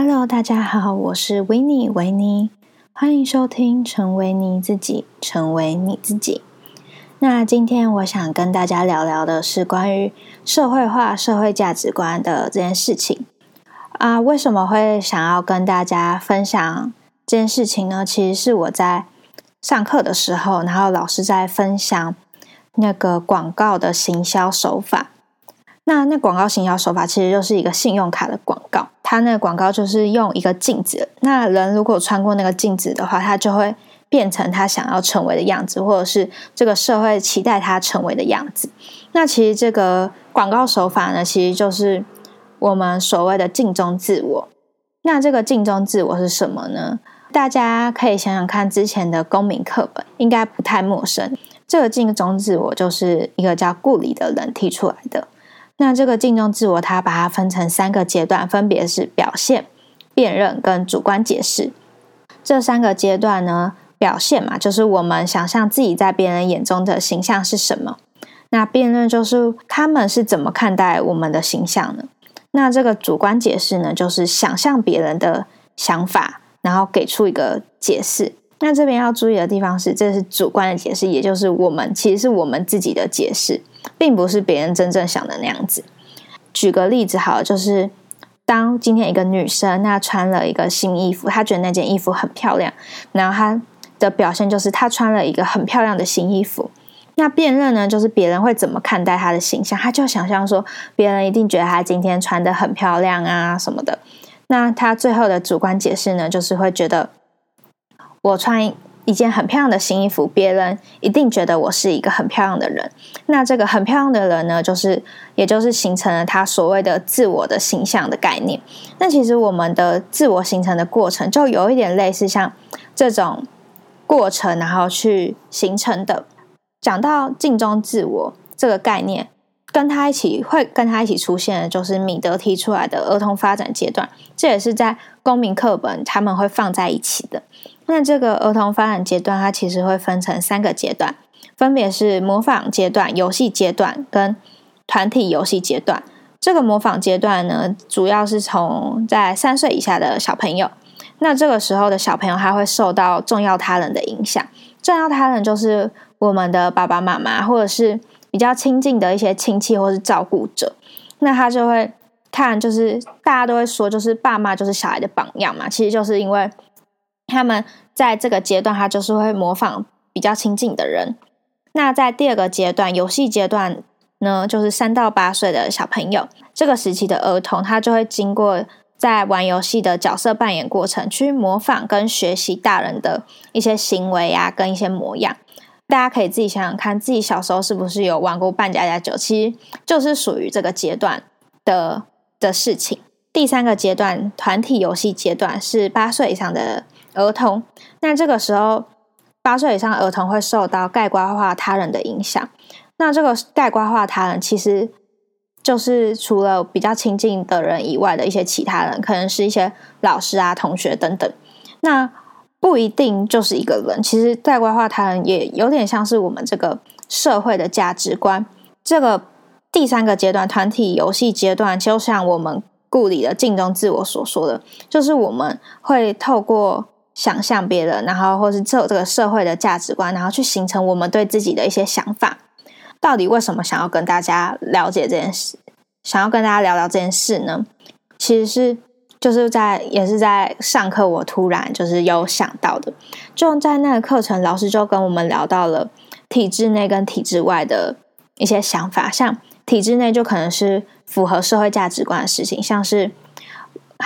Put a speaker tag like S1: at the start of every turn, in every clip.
S1: Hello，大家好，我是維尼維尼，歡迎收聽《成為你自己，成為你自己》。那今天我想跟大家聊聊的是關於社會化、社會價值觀的這件事情。啊，為什麼會想要跟大家分享這件事情呢？其實是我在上課的時候，然後老師在分享那個廣告的行銷手法。那那廣告行銷手法其實就是一個信用卡的廣告，它那個廣告就是用一個鏡子，那人如果穿過那個鏡子的話，他就會變成他想要成為的樣子，或者是這個社會期待他成為的樣子。那其實這個廣告手法呢，其實就是我們所謂的鏡中自我。那這個鏡中自我是什麼呢？大家可以想想看，之前的公民課本應該不太陌生。這個鏡中自我就是一個叫顧里的人提出來的。那這個鏡中自我，它把它分成三個階段，分別是表現、辨認跟主觀解釋。這三個階段呢，表現嘛，就是我們想象自己在別人眼中的形象是什麼；那辨認就是他們是怎麼看待我們的形象的；那這個主觀解釋呢，就是想象別人的想法，然後給出一個解釋。那這邊要注意的地方是，這是主觀的解釋，也就是我們其實是我們自己的解釋，並不是別人真正想的那樣子。舉個例子，好了，就是當今天一個女生，那穿了一個新衣服，她覺得那件衣服很漂亮，然後她的表現就是她穿了一個很漂亮的新衣服。那辨認呢，就是別人會怎麼看待她的形象，她就想象說別人一定覺得她今天穿得很漂亮啊什麼的。那她最後的主觀解釋呢，就是會覺得。我穿一件很漂亮的新衣服，別人一定覺得我是一個很漂亮的人。那這個很漂亮的人呢，就是也就是形成了他所謂的自我的形象的概念。那其實我們的自我形成的過程，就有一點類似像這種過程，然後去形成的。講到鏡中自我這個概念，跟他一起會跟他一起出現的，就是米德提出來的兒童發展階段，這也是在公民課本他們會放在一起的。那這個兒童發展階段，它其實會分成三個階段，分別是模仿階段、遊戲階段跟團體遊戲階段。這個模仿階段呢，主要是從在三歲以下的小朋友。那這個時候的小朋友，他會受到重要他人的影響。重要他人就是我們的爸爸媽媽，或者是比較親近的一些親戚或是照顧者。那他就會看，就是大家都會說，就是爸媽就是小孩的榜樣嘛。其實就是因為。他們在這個階段，他就是會模仿比較親近的人。那在第二個階段，遊戲階段呢，就是三到八歲的小朋友。這個時期的兒童，他就會經過在玩遊戲的角色扮演過程，去模仿跟學習大人的一些行為呀、啊，跟一些模樣。大家可以自己想想看，自己小時候是不是有玩過扮家家酒？其實就是屬於這個階段的的事情。第三個階段，團體遊戲階段是八歲以上的。兒童，那這個時候八歲以上的兒童會受到概括化他人的影響。那這個概括化他人，其實就是除了比較親近的人以外的一些其他人，可能是一些老師啊、同學等等。那不一定就是一個人。其實概括化他人也有點像是我們這個社會的價值觀。這個第三個階段，團體遊戲階段，就像我們顧里的鏡中自我所說的就是我們會透過。想象別人，然後或是這這個社會的價值觀，然後去形成我們對自己的一些想法。到底為什麼想要跟大家了解這件事？想要跟大家聊聊這件事呢？其實是就是在也是在上課，我突然就是有想到的，就在那個課程，老師就跟我們聊到了體制內跟體制外的一些想法，像體制內就可能是符合社會價值觀的事情，像是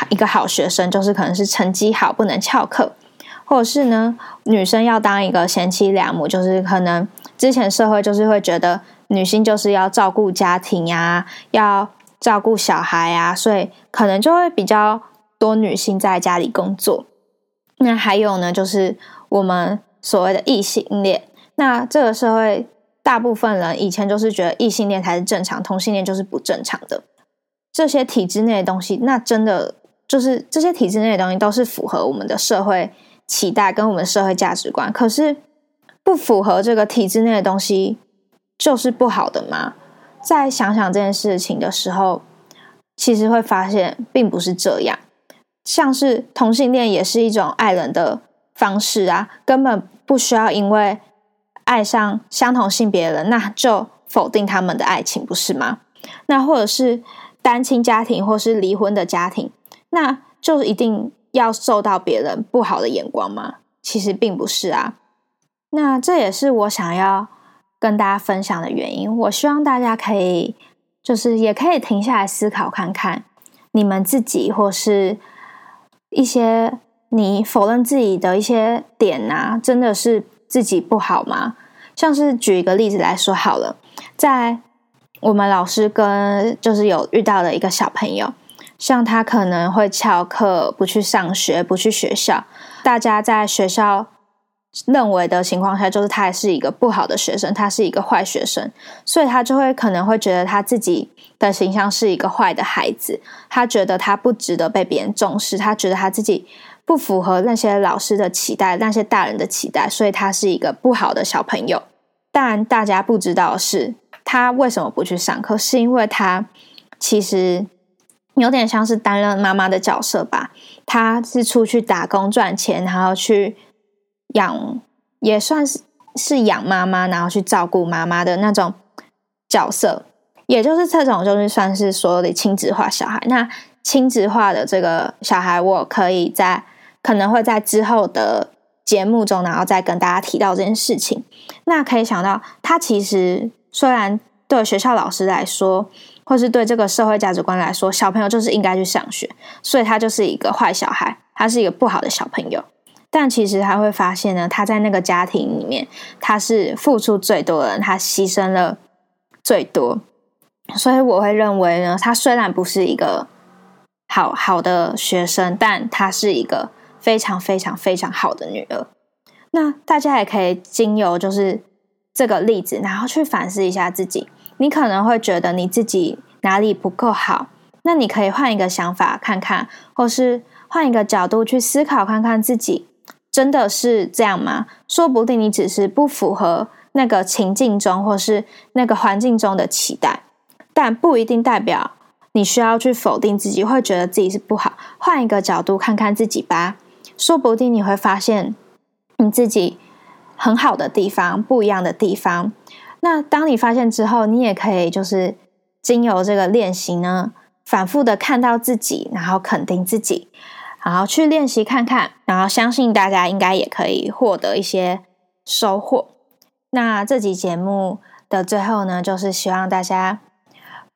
S1: 一個好學生，就是可能是成績好，不能翹課。或者是呢，女生要當一個賢妻良母，就是可能之前社會就是會覺得女性就是要照顧家庭呀，要照顧小孩呀，所以可能就會比較多女性在家裡工作。那還有呢，就是我們所謂的異性戀，那這個社會大部分人以前就是覺得異性戀才是正常，同性戀就是不正常的。這些體制內的東西，那真的就是這些體制內的東西都是符合我們的社會，期待跟我們社會價值觀，可是不符合這個體制內的東西就是不好的嗎？再想想這件事情的時候，其實會發現並不是這樣。像是同性戀也是一種愛人的方式啊，根本不需要因為愛上相同性別的人，那就否定他們的愛情，不是嗎？那或者是單親家庭，或是離婚的家庭，那就一定。要受到別人不好的眼光嗎？其實並不是啊。那這也是我想要跟大家分享的原因。我希望大家可以，就是也可以停下來思考看看，你們自己或是一些你否認自己的一些點啊，真的是自己不好嗎？像是舉一個例子來說好了，在我們老師跟就是有遇到的一個小朋友。像他可能會翹課，不去上學，不去學校。大家在學校認為的情況下，就是他還是一個不好的學生，他是一個壞學生，所以他就會可能會覺得他自己的形象是一個壞的孩子。他覺得他不值得被別人重視，他覺得他自己不符合那些老師的期待，那些大人的期待，所以他是一個不好的小朋友。但大家不知道是他為什麼不去上課，是因為他其實。有點像是擔任媽媽的角色吧，他是出去打工賺錢，然後去養，也算是是養媽媽，然後去照顧媽媽的那種角色，也就是這種就是算是所有的親子化小孩。那親子化的這個小孩，我可以在可能會在之後的節目中，然後再跟大家提到這件事情。那可以想到，他其實雖然。對學校老師來說，或是對這個社會價值觀來說，小朋友就是應該去上學，所以他就是一個壞小孩，他是一個不好的小朋友。但其實他會發現呢，他在那個家庭裡面，他是付出最多的人，他犧牲了最多。所以我會認為呢，他雖然不是一個好好的學生，但他是一個非常非常非常好的女兒。那大家也可以經由就是這個例子，然後去反思一下自己。你可能會覺得你自己哪裡不夠好，那你可以換一個想法看看，或是換一個角度去思考看看自己，真的是這樣嗎？說不定你只是不符合那個情境中，或是那個環境中的期待，但不一定代表你需要去否定自己，會覺得自己是不好。換一個角度看看自己吧，說不定你會發現你自己很好的地方，不一樣的地方。那當你發現之後，你也可以就是經由這個練習呢，反覆的看到自己，然後肯定自己，然後去練習看看，然後相信大家應該也可以獲得一些收穫。那這集節目的最後呢，就是希望大家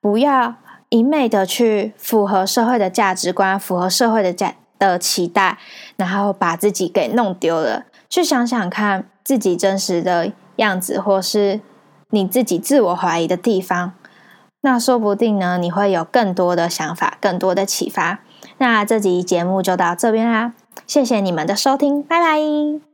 S1: 不要一昧的去符合社會的價值觀，符合社會的價的期待，然後把自己給弄丟了，去想想看自己真實的樣子，或是。你自己自我懷疑的地方，那說不定呢，你會有更多的想法，更多的啟發。那這集節目就到這邊啦，謝謝你們的收聽，拜拜。